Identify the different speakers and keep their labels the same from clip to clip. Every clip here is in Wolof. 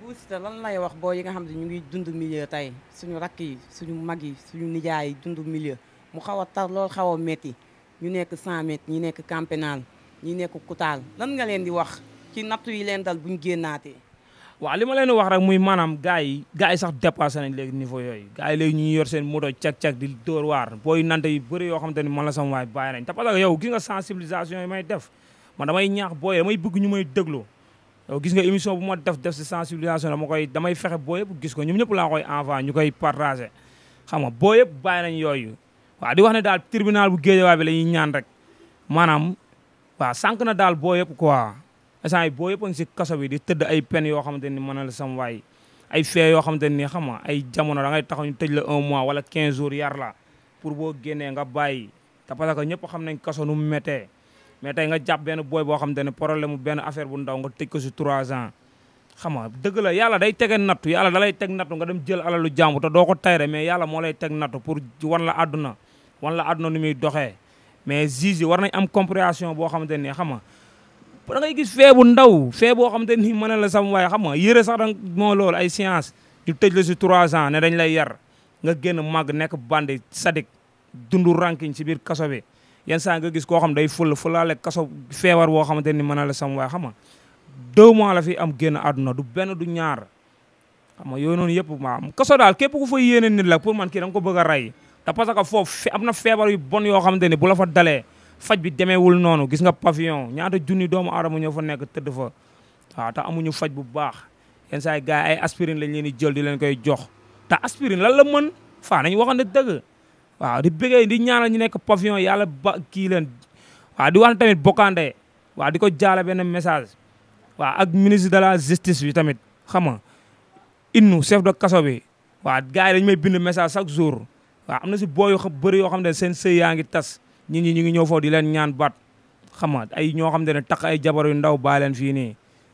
Speaker 1: Bou Siteu lan lay wax boo yi nga xam ne ñu ngi dund milieu tey suñu rakk yi suñu mag yi suñu nijaay yi dund milieu mu xaw a tar lool xaw a métti ñu nekk 100 ñu ñi nekk camp pénal ñi nekk kutaal lan nga leen di wax ci nattu yi leen dal ñu génnaatee.
Speaker 2: waaw li ma leen wax rek muy maanaam gars yi gars sax dépassé nañ léegi niveau yooyu gars yi léegi ñuy yor seen moto cag-cag di dóor waar booy nante yu bëri yoo xamante ni man la sama waay bàyyi nañ te parce que yow gis nga sensibilisation yi may def man ñaax bëgg ñu may déglu donc gis nga émission bu ma def def si sensibilisation dama koy damay fexe boo yëpp gis ko ñoom ñëpp laa koy envoyé ñu koy partagé xam nga boo yëpp bàyyi nañ yooyu waaw di wax ne daal tribunal bu Guédiawaye bi la ñuy ñaan rek maanaam waaw sànq na daal boo yëpp quoi instant yi boo yëpp a ngi si kaso bi di tëdd ay peine yoo xamante ni mën na la sam waay ay fee yoo xamante ni xam nga ay jamono da ay taxaw ñu tëj la un mois wala 15 jours yar la pour boo génnee nga bàyyi te parce ñëpp xam nañ kaso nu mu méttee mais tey nga jàpp benn booy boo xam te ne problème mu benn affaire bu ndaw nga tëj ko si trois ans xam nga dëgg la yàlla day tege nattu yàlla da lay teg nattu nga dem jël alalu jàmbu te doo ko tayre mais yàlla moo lay teg nattu pour wan la àdduna wan la àdduna nu muy doxee mais juge yi war nañ am compréhension boo xamante ne xam nga da ngay gis fee bu ndaw fee boo xamante ni mën na la sam waaye xam nga yëre sax danga moo loolu ay science ñu tëj la si trois ans ne dañ lay yar nga génn màgg nekk bandi sadik dundu ranking si biir kaso bi yenn saa nga gis koo xam day ful fulaale kaso feebar boo xamante ni mën la sam waaye xam nga deux mois la fi am génn àdduna du benn du ñaar xam nga yooyu noonu yëpp maam kaso daal képp ku fa yéene nit la pour man kii da ko bëgg a rey te parce que foofu am na feebar yu bon yoo xamante ni bu la fa dale faj bi demeewul noonu gis nga pavillon ñaata junni doomu aadama ñoo fa nekk tëdd fa waaw te amuñu faj bu baax yenn saa yi ay aspirine lañ leen di jol di leen koy jox te aspirine lan waaw di bëggee di ñaanal ñu nekk pavillon yàlla ba kii leen waaw di wax tamit bokkande waaw di ko jaale benn message waa ak ministre de la justice bi tamit xam nga innu chef de kaso bi waaw gars yi dañu may message chaque jour waaw am na si booy yu bëri yoo xam ne seen sëy yaa ngi tas nit ñi ñu ngi ñëw foofu di leen ñaan baat xam nga ay ñoo xam ne takk ay jabar yu ndaw bàyyi leen fii nii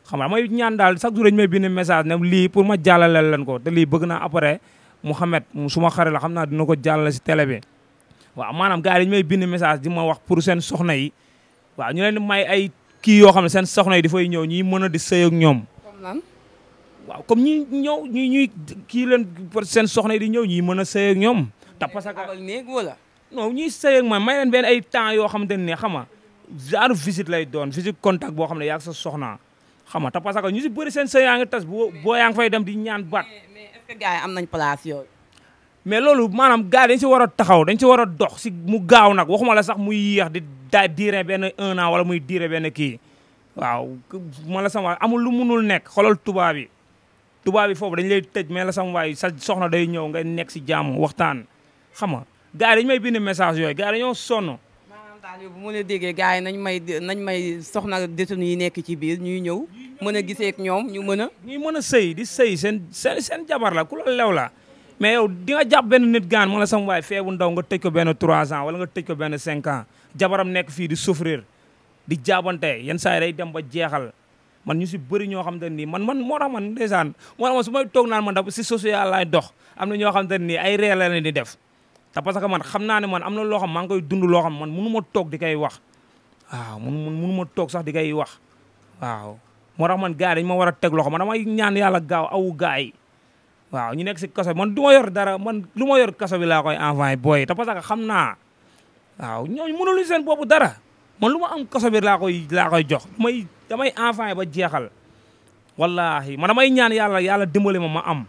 Speaker 2: xam nga may ñaan daal chaque jour dañu may bind message ne lii pour ma jàllaleel leen ko te lii bëgg naa après Mouhamed suma xare la xam naa dina ko jàllale si télé bi waaw maanaam gars yi dañu may message di ma wax pour seen soxna yi waaw ñu leen may ay kii yoo xam ne seen soxna yi dafay ñëw ñuy mën a di sëy ak ñoom. comme waaw comme ñi ñëw ñi ñuy kii leen seen soxna di ñëw ñii mën a sëy ñoom. te parce que abal néeg ñuy sëy ak man may leen benn ay temps yoo xamante ne xam nga genre visite lay doon visite contact boo xam ne yaa sa soxna xam nga te parce que ñu si bëri seen sëy yaa tas boo boo yaa ngi fay dem di ñaan baat. mais est am nañ place mais loolu maanaam gars yi si war a taxaw dañ si war a dox si mu gaaw nag waxuma la sax muy yéex di daa diire benn un wala muy diire benn kii waaw ma la sama amul lu munul nekk xoolal tubaab yi tubaab yi foofu dañ lay tëj mais la sama waay sa soxna day ñëw nga nekk si jaamu waxtaan xam nga gars yi dañu may bind message yooyu gars ñëw dañoo sonn.
Speaker 1: taalibe bu mën a déggee gars yi nañ
Speaker 2: may nañ may soxna détenu yi nekk ci biir ñuy ñëw mën giseek ñoom ñu mën a ñuy mën a sëy di sëy seen seen seen jabar la ku la lew la mais yow di nga jàpp benn nit gaan mu la sam waay feebu ndaw nga tëj ko benn 3 ans wala nga tëj ko benn 5 ans jabaram nekk fii di souffrir di jaabante yenn saa yi day dem ba jeexal man ñu si bëri ñoo xamante ne nii man man moo tax man ndeysaan moo tax man su may toog naan man da si social laay dox am na ñoo xamante ne nii ay ree di def te parce que man xam naa ne man am na loo xam maa ngi koy dund loo xam man mënu ma toog di kay wax waaw mun mënu ma toog sax di koy wax waaw moo man gars yi dañ ma war a teg loxo man damay ñaan yàlla gaaw awu gars yi waaw ñu nekk si kaso man du yor dara man lu ma yor kaso envoyé booy te parce xam naa waaw ñooñu mënuluñ seen boobu dara man lu ma am kaso bi laa koy laa koy jox may damay envoyé ba jeexal wallahi man damay ñaan yàlla yàlla dimbali ma ma am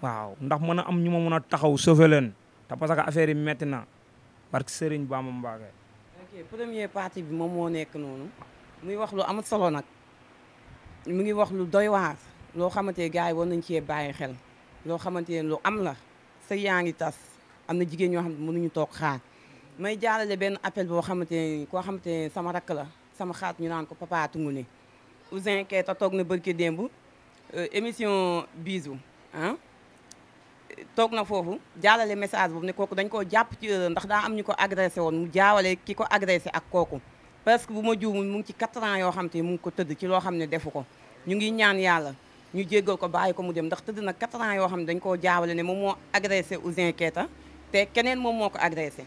Speaker 2: waaw ndax mën a am ñu ma mën a taxaw sauver leen te parce que affaire yi métti na parce que Serigne Bamba Mbacké.
Speaker 1: ok première partie bi moom moo nekk noonu muy wax lu am solo nag mu ngi wax lu doy waar loo xamante ne gars yi war nañ cee bàyyi xel loo xamante ne lu am la sa yaa ngi tas am na jigéen ñoo xam ne mënuñu toog xaar may jaarale benn appel boo xamante ne koo xamante ne sama rakk la sama xaat ñu naan ko Papa Tungune Ouzin Keita toog na barki démb euh, émission bisu ah. toog na foofu jàllale message boobu ne kooku dañ koo jàpp ci erreur ndax daa am ñu ko agressé woon mu jaawale ki ko agressé ak kooku parce que bu ma juumul mu ngi ci 4 ans yoo xam te mu ngi ko tëdd ci loo xam ne defu ko ñu ngi ñaan yàlla ñu jéggal ko bàyyi ko mu dem ndax tëdd na 4 ans yoo xam ne dañ koo jaawale ne moom moo agressé Ouzin Keita te keneen moom moo ko agressé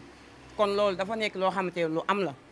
Speaker 1: kon loolu dafa nekk loo xamante lu am la